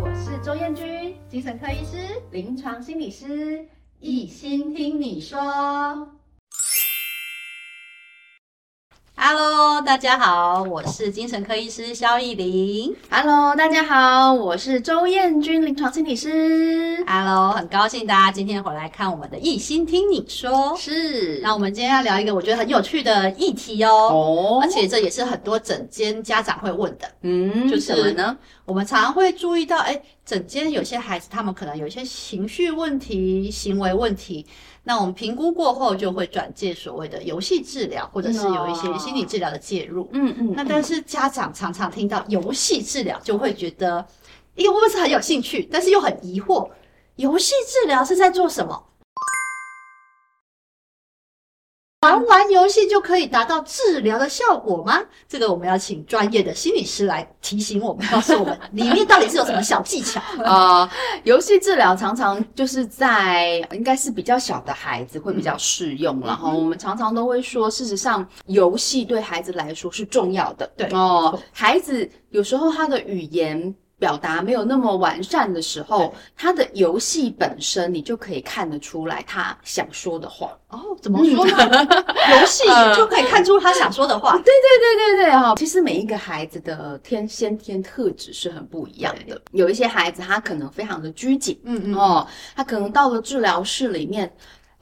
我是周彥君，精神科醫師、臨床心理師，醫心聽你說。Hello，大家好，我是精神科醫師蕭亦伶。Hello，大家好，我是周彥君臨床心理師。Hello，很高興大家、啊、今天回來看我們的《醫心聽你說》。是，那我們今天要聊一個我覺得很有趣的議題哦。Oh, 而且這也是很多診間家長會問的。嗯，就是什麼呢，我們常常會注意到，誒診間有些孩子，他們可能有一些情緒問題、行為問題。那我們評估過後，就會轉介所謂的遊戲治療，或者是有一些心理治療的介入。嗯嗯。那但是家長常常聽到遊戲治療，就會覺得，咦，我不是很有興趣，但是又很疑惑，遊戲治療是在做什麼？玩玩遊戲就可以達到治療的效果嗎？這個我們要請專業的心理師來提醒我們，告訴我們裡面到底是有什麼小技巧啊？ 呃，遊戲治療常常就是在應該是比較小的孩子會比較適用，嗯，然後我們常常都會說，事實上遊戲對孩子來說是重要的。對哦，呃，嗯，孩子有時候他的語言。表達沒有那麼完善的時候，嗯、他的遊戲本身你就可以看得出來他想說的話。哦，怎麼說呢？遊戲也就可以看出他想說的話。 對對對對對哈！其實每一個孩子的天先天特質是很不一樣的，有一些孩子他可能非常的拘謹，嗯嗯哦，他可能到了治療室裡面。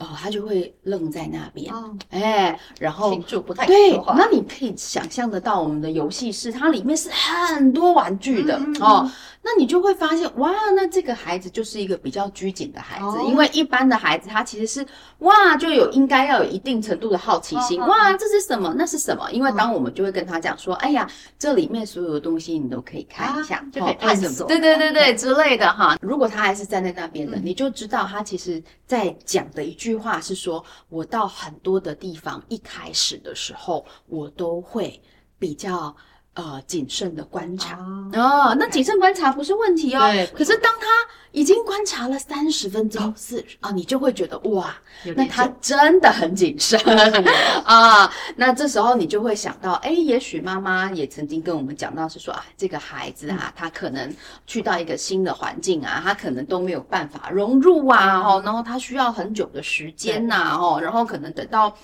哦，他就會愣在那邊，哎、嗯欸，然後就不太對，對，那你可以想象得到，我們的遊戲室它裡面是很多玩具的，嗯、哦。那你就會發現，哇，那這個孩子就是一個比較拘謹的孩子，哦、因為一般的孩子他其實是，哇，就有應該要有一定程度的好奇心，嗯，哇，這是什麼？那是什麼？因為當我們就會跟他講說，嗯、哎呀，這裡面所有的東西你都可以看一下，對不對？探索、哦、對對對對、嗯、之類的哈。如果他還是站在那邊的，嗯、你就知道他其實在講的一句句話是說，我到很多的地方，一開始的時候，我都會比較。啊，謹慎的觀察、啊、哦，okay. 那謹慎觀察不是問題哦。可是當他已經觀察了三十分鐘四十、哦、啊，你就會覺得哇，那他真的很謹慎 啊。那這時候你就會想到，哎、欸，也許媽媽也曾經跟我們講到是說啊，這個孩子啊、嗯，他可能去到一個新的環境啊，他可能都沒有辦法融入啊，嗯哦、然後他需要很久的時間吶、啊，哦，然後可能等到。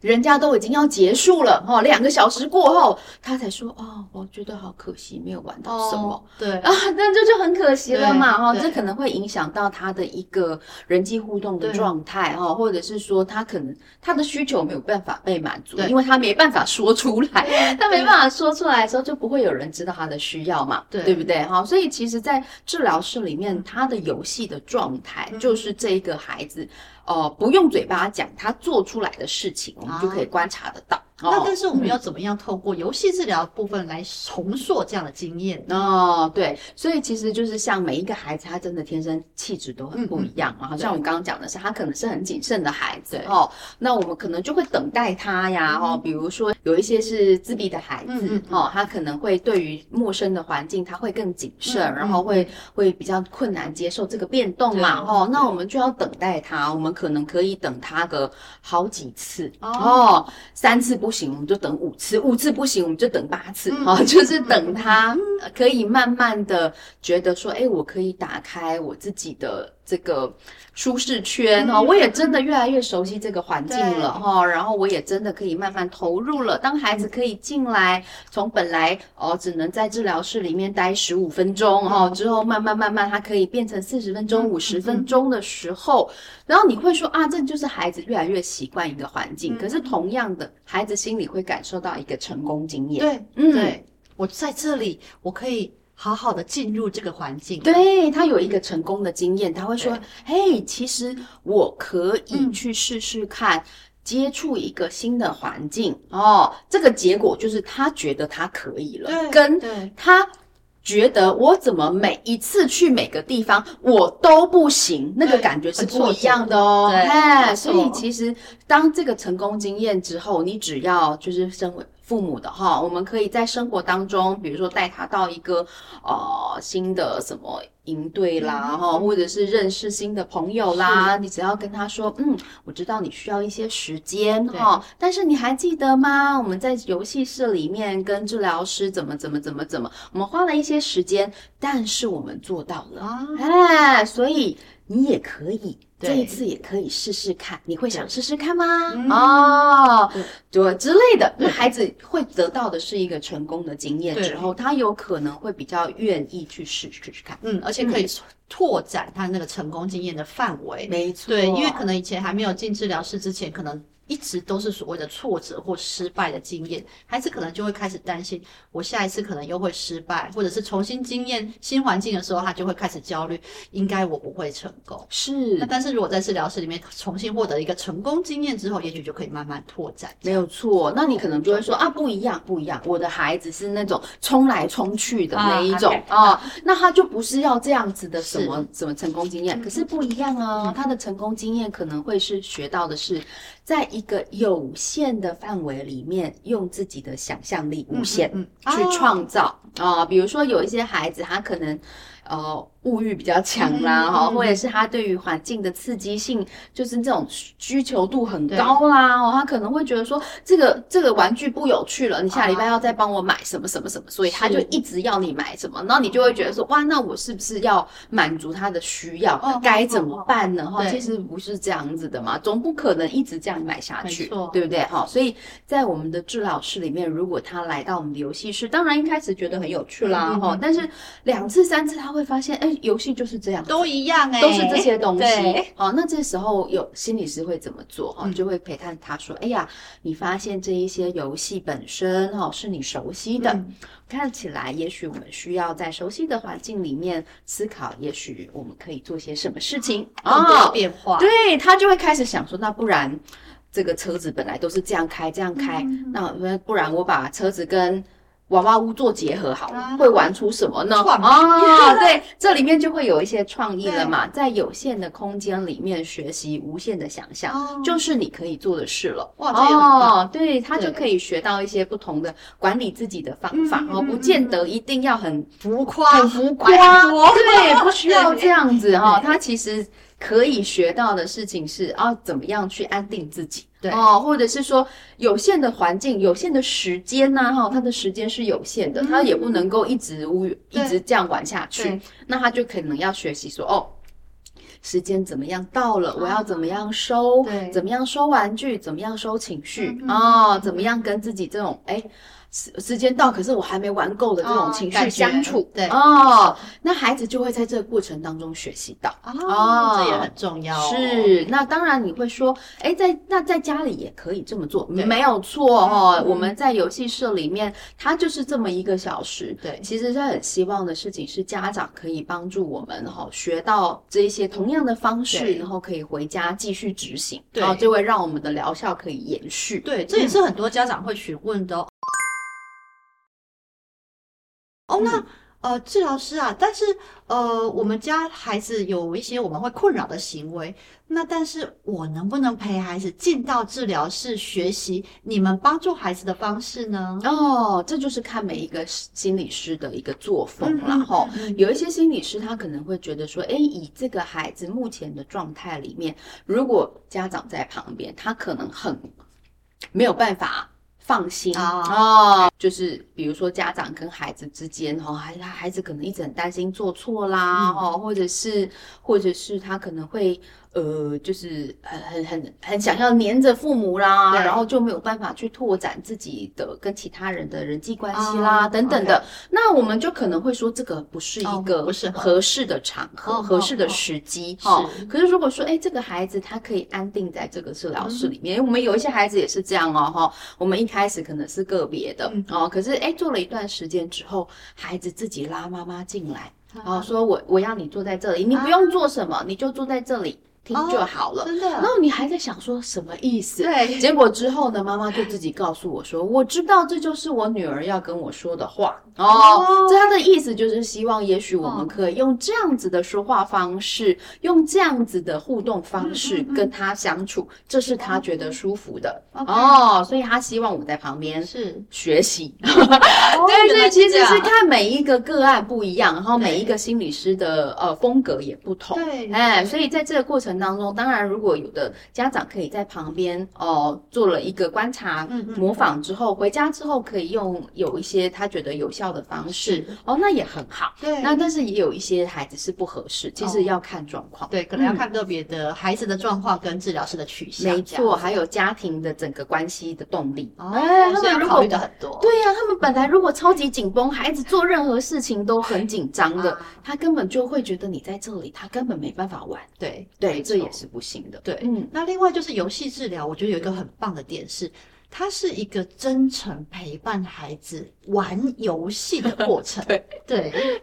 人家都已經要結束了哈，兩個小時過後，他才說哦，我覺得好可惜，沒有玩到什麼。哦、對啊，啊那這就很可惜了嘛哈，這可能會影響到他的一個人際互動的狀態哈，或者是說他可能他的需求沒有辦法被滿足，因為他沒辦法說出來，他沒辦法說出來的時候就不會有人知道他的需要嘛，對，對不對哈？所以其實，在治療室裡面、嗯，他的遊戲的狀態就是這一個孩子。哦，不用嘴巴講，他做出來的事情，我們、啊、就可以觀察得到。那但是我們要怎麼樣透過遊戲治療部分來重塑這樣的經驗呢？哦，對，所以其實就是像每一個孩子，他真的天生氣質都很不一樣啊、嗯、像我剛剛講的是，他可能是很謹慎的孩子哦，那我們可能就會等待他呀，哦，比如說。有一些是自閉的孩子，嗯嗯，哦，他可能會對於陌生的環境，他會更謹慎，嗯嗯，然後會會比較困難接受這個變動嘛，哦，那我們就要等待他，我們可能可以等他個好幾次哦，哦，三次不行我們就等五次，五次不行我們就等八次啊，嗯，哦，就是等他可以慢慢的覺得說，嗯，哎，我可以打開我自己的這個舒適圈哦，嗯，我也真的越來越熟悉這個環境了哈，然後我也真的可以慢慢投入了。當孩子可以進來，從本來哦只能在治療室裡面待十五分鐘、嗯、哦，之後慢慢慢慢，他可以變成四十分鐘、嗯、五十分鐘的時候，嗯嗯、然後你會說啊，這就是孩子越來越習慣一個環境、嗯。可是同樣的，孩子心裡會感受到一個成功經驗。對，嗯，對我在這裡，我可以好好的進入這個環境。對、嗯、他有一個成功的經驗，他會說：“嘿、嗯，hey, 其實我可以去試試看。嗯”接觸一個新的環境哦，這個結果就是他覺得他可以了，跟他覺得我怎麼每一次去每個地方我都不行，那個感覺是不一樣的哦。對。對，所以其實。當這個成功經驗之後，你只要就是身為父母的哈，我們可以在生活當中，比如說帶他到一個呃新的什麼營隊啦哈，或者是認識新的朋友啦，你只要跟他說，嗯，我知道你需要一些時間哈，但是你還記得嗎？我們在遊戲室裡面跟治療師怎麼怎麼怎麼怎麼，我們花了一些時間，但是我們做到了。哎，所以。你也可以對，這一次也可以試試看。你會想試試看嗎？對哦，對，對之類的對，那孩子會得到的是一個成功的經驗之，然後他有可能會比較願意去試去試試看，嗯，而且可以拓展他那個成功經驗的範圍，沒錯。對，因為可能以前還沒有進治療室之前，可能。一直都是所謂的挫折或失敗的經驗，孩子可能就會開始擔心，我下一次可能又會失敗，或者是重新經驗新環境的時候，他就會開始焦慮，應該我不會成功。是，那但是如果在治療室裡面重新獲得一個成功經驗之後，也許就可以慢慢拓展。沒有錯，那你可能就會說啊，不一樣，不一樣，我的孩子是那種衝來衝去的那一種啊，okay，啊，啊，那他就不是要這樣子的什麼什麼成功經驗，嗯，可是不一樣啊，嗯，他的成功經驗可能會是學到的是。在一個有限的範圍裡面，用自己的想象力無限去創造嗯嗯嗯啊，哦，比如說有一些孩子，他可能。呃，物欲比較強啦，哈、嗯，或者是他對於環境的刺激性、嗯，就是這種需求度很高啦。哦、他可能會覺得說，這個這個玩具不有趣了，你下禮拜要再幫我買什麼什麼什麼、啊，所以他就一直要你買什麼，然後你就會覺得說，啊、哇，那我是不是要滿足他的需要？該、哦、怎麼辦呢？哈、哦哦，其實不是這樣子的嘛，總不可能一直這樣買下去，對不對？哈、哦，所以在我們的治療室裡面，如果他來到我們的遊戲室，當然一開始覺得很有趣啦，哈、嗯嗯嗯，但是兩次、嗯、三次他會。會發現，哎、欸，遊戲就是這樣，都一樣，哎、欸，都是這些東西。好、哦，那這時候有心理師會怎麼做？哈、哦，就會陪伴他說、嗯，哎呀，你發現這一些遊戲本身，哦，是你熟悉的，嗯、看起來，也許我們需要在熟悉的環境裡面思考，也許我們可以做些什麼事情啊，嗯、變化。哦、對，他就會開始想說，那不然這個車子本來都是這樣開，這樣開，嗯、那不然我把車子跟。娃娃屋做結合好了。好、啊，會玩出什麼呢？啊，哦、yeah, 對、嗯，這裡面就會有一些創意了嘛，在有限的空間裡面學習無限的想象，oh. 就是你可以做的事了。哇，哦對，對，他就可以學到一些不同的管理自己的方法，嗯嗯嗯嗯哦，不見得一定要很浮誇，很浮誇，對，不需要這樣子哈、哦。他其實可以學到的事情是對對對啊，怎麼樣去安定自己。哦，或者是說有限的環境、有限的時間吶，啊，哈，他的時間是有限的，他、嗯、也不能夠一直無一直這樣玩下去，嗯、那他就可能要學習說哦。時間怎麼樣到了？啊、我要怎麼樣收對？怎麼樣收玩具？怎麼樣收情緒啊、嗯哦？怎麼樣跟自己這種哎時時間到，可是我還沒玩夠的這種情緒相處？哦對哦，那孩子就會在這個過程當中學習到哦，哦，這也很重要、哦。是那當然你會說，哎，在那在家裡也可以這麼做，沒有錯、哦嗯、我們在遊戲室裡面，它就是這麼一個小時。對，其實是很希望的事情是家長可以幫助我們哈、哦，學到這一些同樣的、嗯。這樣的方式，然後可以回家繼續執行，然後就會讓我們的療效可以延續。對，這也是很多家長會詢問的。哦，嗯 oh, 那。呃，治療師啊，但是呃，我們家孩子有一些我們會困擾的行為，那但是我能不能陪孩子進到治療室學習你們幫助孩子的方式呢？哦，這就是看每一個心理師的一個作風，然後，嗯嗯，有一些心理師他可能會覺得說，哎，以這個孩子目前的狀態裡面，如果家長在旁邊，他可能很沒有辦法。放心啊、哦哦，就是比如說家長跟孩子之間哈，他孩子可能一直很擔心做錯啦哈、嗯，或者是或者是他可能會。呃，就是很很很很想要黏着父母啦，對，然後就沒有辦法去拓展自己的跟其他人的人際關係啦，啊、等等的。Okay. 那我們就可能會說，這個不是一個合適的場合、oh, 合適的時機。哈、oh, oh, oh, oh, 哦，可是如果說，哎，這個孩子他可以安定在這個治療室裡面，嗯、我們有一些孩子也是這樣哦，哈、哦。我們一開始可能是個別的、嗯、哦，可是哎，做了一段時間之後，孩子自己拉媽媽進來，嗯、然後說我我要你坐在這裡，你不用做什麼，啊、你就坐在這裡。Oh, 就好了，真的。然後你還在想說什麼意思？對。結果之後呢， 媽媽就自己告訴我說：“ 我知道這就是我女兒要跟我說的話哦。Oh, ” oh. 這她的意思就是希望，也許我們可以用這樣子的說話方式，oh. 用這樣子的互動方式跟她相處， 這是她覺得舒服的哦。Okay. Oh, 所以她希望我在旁邊是學習。 對，對、oh,，所以其實是看每一個個案不一樣，oh. 然後每一個心理師的呃風格也不同。對。哎、嗯，所以在這個過程。當中，當然，如果有的家長可以在旁邊哦、呃、做了一個觀察、嗯、模仿之後，回家之後可以用有一些他覺得有效的方式哦，那也很好。對，那但是也有一些孩子是不合適，其實要看狀況。對，可能要看個別的孩子的狀況跟治療師的取向。嗯、沒錯，還有家庭的整個關係的動力。哦。哎、他們如果，所以要考慮的很多。對呀、啊，他們本來如果超級緊繃，孩子做任何事情都很緊張的、嗯，他根本就會覺得你在這裡，他根本沒辦法玩。對對。這也是不行的。嗯、對，嗯，那另外就是遊戲治療，我覺得有一個很棒的點是，它是一個真誠陪伴孩子玩遊戲的過程。 對。對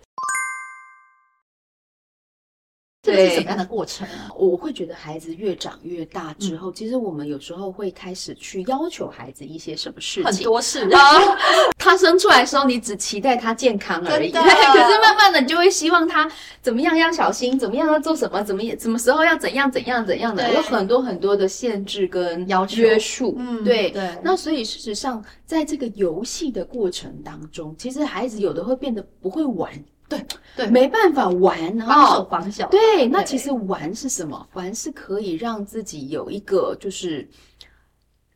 這是什麼樣的過程？我會覺得孩子越長越大之後，嗯，其實我們有時候會開始去要求孩子一些什麼事情，很多事情。Uh, 他生出來的時候，你只期待他健康而已。可是慢慢的，你就會希望他怎麼樣要小心，怎麼樣要做什麼，怎麼，什麼時候要怎樣怎樣怎樣的，有很多很多的限制跟要求。約束，嗯，對，對。那所以事實上，在這個遊戲的過程當中，其實孩子有的會變得不會玩。對對，沒辦法玩，然後防小、哦對。對，那其實玩是什麼？玩是可以讓自己有一個，就是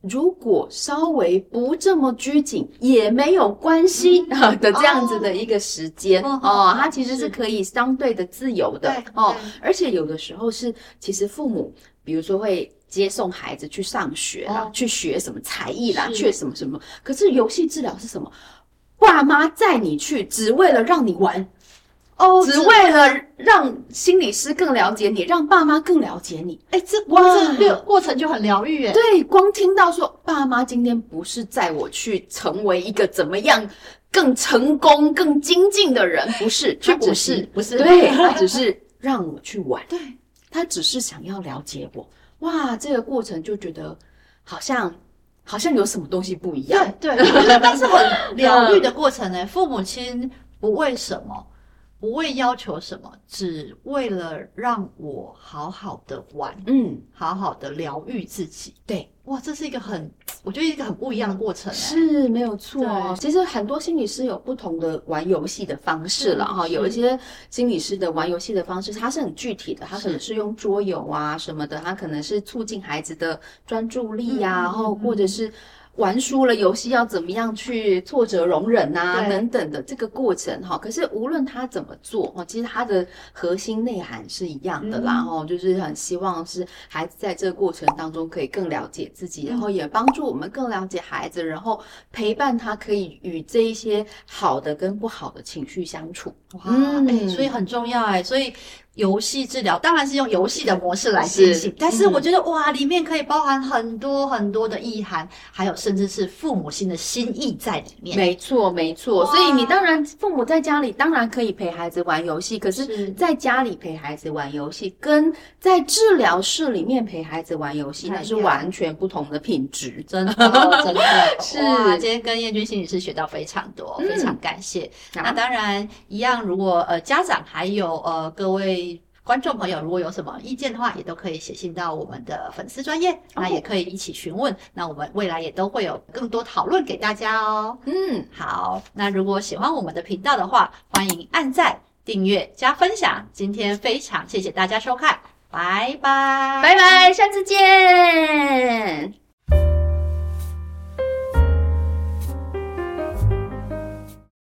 如果稍微不這麼拘謹、嗯、也沒有關係的這樣子的一個時間哦，哦，、嗯哦。它其實是可以相對的自由的哦、嗯。而且有的時候是，其實父母比如說會接送孩子去上學啊、哦，去學什麼才藝啦，去什麼什麼。可是遊戲治療是什麼？爸媽帶你去，只為了讓你玩。Oh, 只為了讓心理師更了解你，讓爸媽更了解你。哎、欸，這光哇，這個、過程就很療癒誒。對，光聽到說爸媽今天不是載我去成為一個怎麼樣更成功、更精進的人，不是，他只是卻不是，不是對，對，他只是讓我去玩。 對，他只是想要了解我。哇，這個過程就覺得好像好像有什麼東西不一樣。對，對 但是很療癒的過程呢、嗯。父母親不為什麼，不會要求什麼，只為了讓我好好的玩，嗯，好好的療癒自己。對，哇，這是一個很，我覺得一個很不一樣的過程、欸。是沒有錯，其實很多心理師有不同的玩遊戲的方式了哈。有一些心理師的玩遊戲的方式，它是很具體的，它可能是用桌遊啊什麼的，它可能是促進孩子的專注力呀、啊，然、嗯、後、嗯嗯、或者是。玩輸了遊戲要怎麼樣去挫折容忍吶、啊？等等的這個過程哈、哦，可是無論他怎麼做哦，其實他的核心內涵是一樣的啦。然、嗯、後就是很希望是孩子在這個過程當中可以更了解自己，嗯、然後也幫助我們更了解孩子，然後陪伴他可以與這一些好的跟不好的情緒相處。哇，嗯、所以很重要哎、欸，所以。遊戲治療當然是用遊戲的模式來進行，但是我覺得、嗯、哇，裡面可以包含很多很多的意涵，還有甚至是父母心的心意在裡面。沒錯，沒錯。所以你當然父母在家裡當然可以陪孩子玩遊戲，可是在家裡陪孩子玩遊戲，跟在治療室裡面陪孩子玩遊戲，那是完全不同的品質。真的，哦、真的 是。今天跟彥君心理師學到非常多，嗯、非常感謝、嗯。那當然一樣，如果呃家長還有呃各位。觀眾朋友，如果有什麼意見的話，也都可以寫信到我們的粉絲專頁、哦，那也可以一起詢問。那我們未來也都會有更多討論給大家哦。嗯，好。那如果喜歡我們的頻道的話，歡迎按讚訂閱加分享。今天非常謝謝大家收看，拜拜，拜拜，下次見。